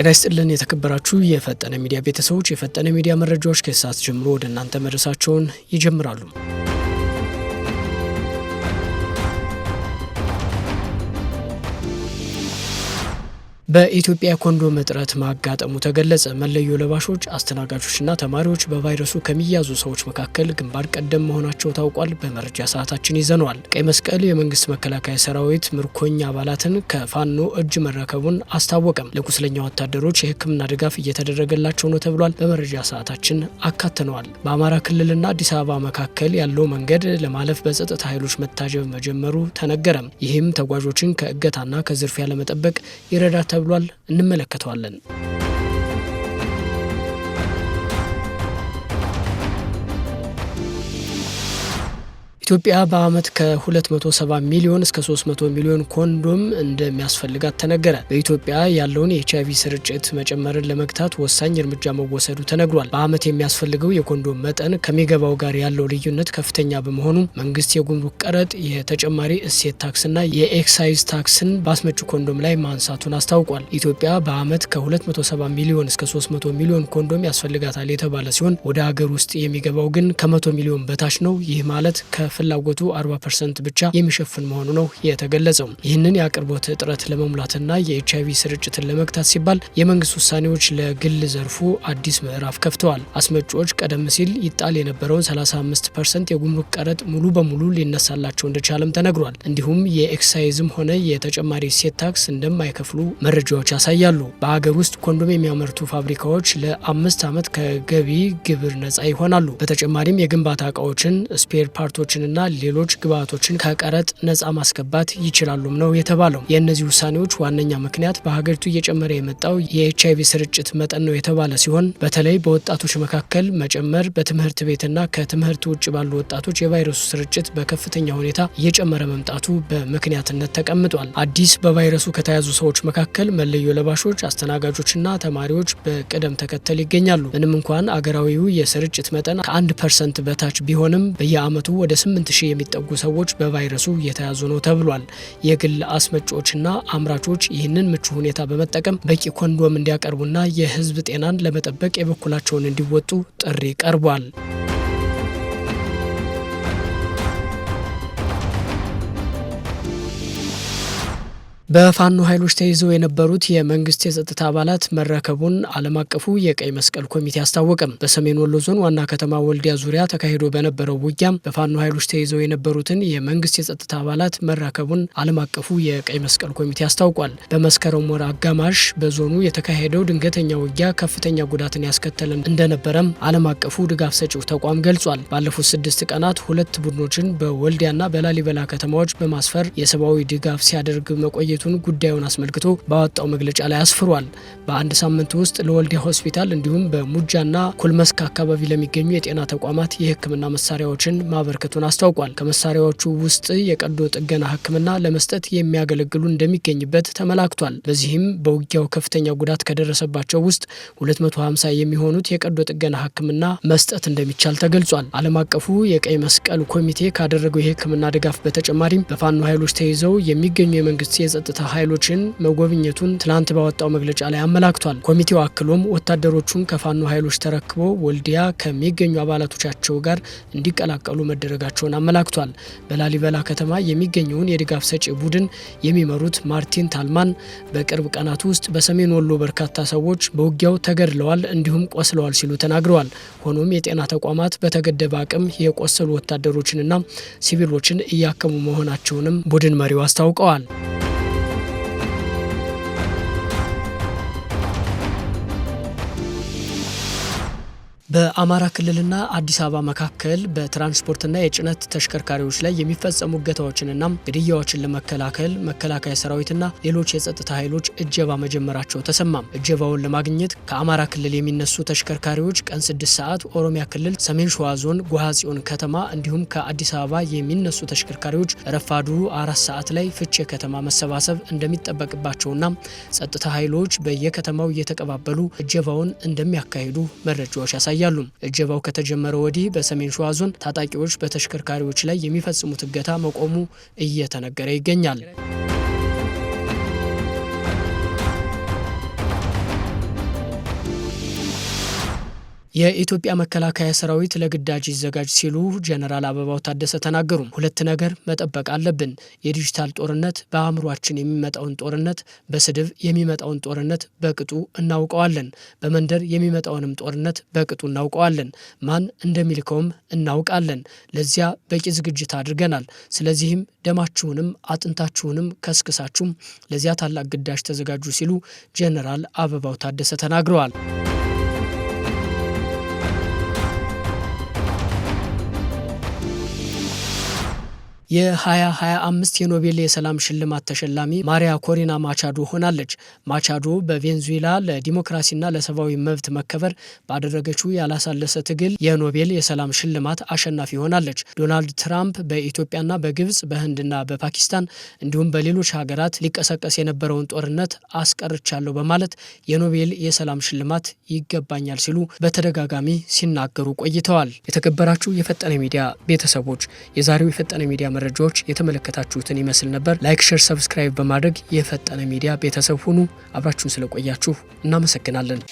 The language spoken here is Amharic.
ጤና ይስጥልን የተከበራችሁ የፈጠነ ሚዲያ ቤተሰቦች፣ የፈጠነ ሚዲያ መረጃዎች ከሰዓት ጀምሮ ወደ እናንተ መድረሳቸውን ይጀምራሉ። በኢትዮጵያ ኮንዶም እጥረት ማጋጠሙ ተገለጸ። መለዮ ለባሾች፣ አስተናጋጆችና ተማሪዎች በቫይረሱ ከሚያዙ ሰዎች መካከል ግንባር ቀደም መሆናቸው ታውቋል። በመረጃ ሰዓታችን ይዘነዋል። ቀይ መስቀል የመንግስት መከላከያ ሰራዊት ምርኮኛ አባላትን ከፋኖ እጅ መረከቡን አስታወቀም። ለቁስለኛ ወታደሮች የሕክምና ድጋፍ እየተደረገላቸው ነው ተብሏል። በመረጃ ሰዓታችን አካትነዋል። በአማራ ክልልና አዲስ አበባ መካከል ያለው መንገድ ለማለፍ በጸጥታ ኃይሎች መታጀብ መጀመሩ ተነገረም። ይህም ተጓዦችን ከእገታና ከዝርፊያ ለመጠበቅ ይረዳታል ተብሏል። እንመለከተዋለን። ኢትዮጵያ በዓመት ከ270 ሚሊዮን እስከ 300 ሚሊዮን ኮንዶም እንደሚያስፈልጋት ተነገረ። በኢትዮጵያ ያለውን አይቪ ስርጭት መጨመርን ለመግታት ወሳኝ እርምጃ መወሰዱ ተነግሯል። በአመት የሚያስፈልገው የኮንዶም መጠን ከሚገባው ጋር ያለው ልዩነት ከፍተኛ በመሆኑ መንግስት የጉምሩክ ቀረጥ፣ የተጨማሪ እሴት ታክስና የኤክሳይዝ ታክስን በአስመጪ ኮንዶም ላይ ማንሳቱን አስታውቋል። ኢትዮጵያ በዓመት ከ270 ሚሊዮን እስከ 300 ሚሊዮን ኮንዶም ያስፈልጋታል የተባለ ሲሆን ወደ ሀገር ውስጥ የሚገባው ግን ከ100 ሚሊዮን በታች ነው። ይህ ማለት ከፍ ፍላጎቱ 40 ፐርሰንት ብቻ የሚሸፍን መሆኑ ነው የተገለጸው። ይህንን የአቅርቦት እጥረት ለመሙላትና የኤች አይቪ ስርጭትን ለመግታት ሲባል የመንግስት ውሳኔዎች ለግል ዘርፉ አዲስ ምዕራፍ ከፍተዋል። አስመጪዎች ቀደም ሲል ይጣል የነበረውን 35 ፐርሰንት የጉምሩክ ቀረጥ ሙሉ በሙሉ ሊነሳላቸው እንደቻለም ተነግሯል። እንዲሁም የኤክሳይዝም ሆነ የተጨማሪ ሴት ታክስ እንደማይከፍሉ መረጃዎች ያሳያሉ። በአገር ውስጥ ኮንዶም የሚያመርቱ ፋብሪካዎች ለአምስት ዓመት ከገቢ ግብር ነጻ ይሆናሉ። በተጨማሪም የግንባታ እቃዎችን ስፔር ፓርቶችን ዘይቶችንና ሌሎች ግብዓቶችን ከቀረጥ ነጻ ማስገባት ይችላሉም ነው የተባለው። የእነዚህ ውሳኔዎች ዋነኛ ምክንያት በሀገሪቱ እየጨመረ የመጣው የኤች አይቪ ስርጭት መጠን ነው የተባለ ሲሆን በተለይ በወጣቶች መካከል መጨመር፣ በትምህርት ቤትና ከትምህርት ውጭ ባሉ ወጣቶች የቫይረሱ ስርጭት በከፍተኛ ሁኔታ እየጨመረ መምጣቱ በምክንያትነት ተቀምጧል። አዲስ በቫይረሱ ከተያዙ ሰዎች መካከል መለዮ ለባሾች፣ አስተናጋጆችና ተማሪዎች በቅደም ተከተል ይገኛሉ። ምንም እንኳን አገራዊው የስርጭት መጠን ከአንድ ፐርሰንት በታች ቢሆንም በየዓመቱ ወደ ስምንት ስምንት ሺህ የሚጠጉ ሰዎች በቫይረሱ የተያዙ ነው ተብሏል። የግል አስመጪዎችና አምራቾች ይህንን ምቹ ሁኔታ በመጠቀም በቂ ኮንዶም እንዲያቀርቡና የህዝብ ጤናን ለመጠበቅ የበኩላቸውን እንዲወጡ ጥሪ ቀርቧል። በፋኖ ኃይሎች ተይዘው የነበሩት የመንግስት የጸጥታ አባላት መረከቡን ዓለም አቀፉ የቀይ መስቀል ኮሚቴ አስታወቀም። በሰሜን ወሎ ዞን ዋና ከተማ ወልዲያ ዙሪያ ተካሂዶ በነበረው ውጊያም በፋኖ ኃይሎች ተይዘው የነበሩትን የመንግስት የጸጥታ አባላት መረከቡን ዓለም አቀፉ የቀይ መስቀል ኮሚቴ አስታውቋል። በመስከረም ወር አጋማሽ በዞኑ የተካሄደው ድንገተኛ ውጊያ ከፍተኛ ጉዳትን ያስከተለን እንደነበረም ዓለም አቀፉ ድጋፍ ሰጪው ተቋም ገልጿል። ባለፉት ስድስት ቀናት ሁለት ቡድኖችን በወልዲያና በላሊበላ ከተማዎች በማስፈር የሰብአዊ ድጋፍ ሲያደርግ መቆየ ቤቱን ጉዳዩን አስመልክቶ ባወጣው መግለጫ ላይ አስፍሯል። በአንድ ሳምንት ውስጥ ለወልዲያ ሆስፒታል እንዲሁም በሙጃና ኩልመስክ አካባቢ ለሚገኙ የጤና ተቋማት የህክምና መሳሪያዎችን ማበርከቱን አስታውቋል። ከመሳሪያዎቹ ውስጥ የቀዶ ጥገና ህክምና ለመስጠት የሚያገለግሉ እንደሚገኝበት ተመላክቷል። በዚህም በውጊያው ከፍተኛ ጉዳት ከደረሰባቸው ውስጥ 250 የሚሆኑት የቀዶ ጥገና ህክምና መስጠት እንደሚቻል ተገልጿል። ዓለም አቀፉ የቀይ መስቀል ኮሚቴ ካደረገው የህክምና ድጋፍ በተጨማሪም በፋኖ ኃይሎች ተይዘው የሚገኙ የመንግስት የጸጥታ የጸጥታ ኃይሎችን መጎብኘቱን ትናንት ባወጣው መግለጫ ላይ አመላክቷል። ኮሚቴው አክሎም ወታደሮቹን ከፋኖ ኃይሎች ተረክቦ ወልዲያ ከሚገኙ አባላቶቻቸው ጋር እንዲቀላቀሉ መደረጋቸውን አመላክቷል። በላሊበላ ከተማ የሚገኘውን የድጋፍ ሰጪ ቡድን የሚመሩት ማርቲን ታልማን በቅርብ ቀናት ውስጥ በሰሜን ወሎ በርካታ ሰዎች በውጊያው ተገድለዋል እንዲሁም ቆስለዋል ሲሉ ተናግረዋል። ሆኖም የጤና ተቋማት በተገደበ አቅም የቆሰሉ ወታደሮችንና ሲቪሎችን እያከሙ መሆናቸውንም ቡድን መሪው አስታውቀዋል። በአማራ ክልልና አዲስ አበባ መካከል በትራንስፖርትና የጭነት ተሽከርካሪዎች ላይ የሚፈጸሙ እገታዎችንና ግድያዎችን ለመከላከል መከላከያ ሰራዊትና ሌሎች የጸጥታ ኃይሎች እጀባ መጀመራቸው ተሰማም። እጀባውን ለማግኘት ከአማራ ክልል የሚነሱ ተሽከርካሪዎች ቀን 6 ሰዓት ኦሮሚያ ክልል ሰሜን ሸዋ ዞን ጎሃጽዮን ከተማ እንዲሁም ከአዲስ አበባ የሚነሱ ተሽከርካሪዎች ረፋዱ አራት ሰዓት ላይ ፍቼ ከተማ መሰባሰብ እንደሚጠበቅባቸውና ጸጥታ ኃይሎች በየከተማው እየተቀባበሉ እጀባውን እንደሚያካሂዱ መረጃዎች ያሳያል። ይታያሉ። እጀባው ከተጀመረ ወዲህ በሰሜን ሸዋ ዞን ታጣቂዎች በተሽከርካሪዎች ላይ የሚፈጽሙት እገታ መቆሙ እየተነገረ ይገኛል። የኢትዮጵያ መከላከያ ሰራዊት ለግዳጅ ይዘጋጅ ሲሉ ጀነራል አበባው ታደሰ ተናገሩ። ሁለት ነገር መጠበቅ አለብን፤ የዲጂታል ጦርነት፣ በአእምሯችን የሚመጣውን ጦርነት፣ በስድብ የሚመጣውን ጦርነት በቅጡ እናውቀዋለን። በመንደር የሚመጣውንም ጦርነት በቅጡ እናውቀዋለን። ማን እንደሚልከውም እናውቃለን። ለዚያ በቂ ዝግጅት አድርገናል። ስለዚህም ደማችሁንም አጥንታችሁንም ከስክሳችሁም ለዚያ ታላቅ ግዳጅ ተዘጋጁ ሲሉ ጀነራል አበባው ታደሰ ተናግረዋል። የ2025 የኖቤል የሰላም ሽልማት ተሸላሚ ማሪያ ኮሪና ማቻዶ ሆናለች። ማቻዶ በቬንዙዌላ ለዲሞክራሲና ለሰብአዊ መብት መከበር ባደረገችው ያላሳለሰ ትግል የኖቤል የሰላም ሽልማት አሸናፊ ሆናለች። ዶናልድ ትራምፕ በኢትዮጵያና በግብጽ በህንድና በፓኪስታን እንዲሁም በሌሎች ሀገራት ሊቀሰቀስ የነበረውን ጦርነት አስቀርቻለሁ በማለት የኖቤል የሰላም ሽልማት ይገባኛል ሲሉ በተደጋጋሚ ሲናገሩ ቆይተዋል። የተከበራችሁ የፈጠነ ሚዲያ ቤተሰቦች የዛሬው የፈጠነ ሚዲያ መረጃዎች የተመለከታችሁትን ይመስል ነበር። ላይክ፣ ሼር፣ ሰብስክራይብ በማድረግ የፈጠነ ሚዲያ ቤተሰብ ሁኑ። አብራችሁን ስለቆያችሁ እናመሰግናለን።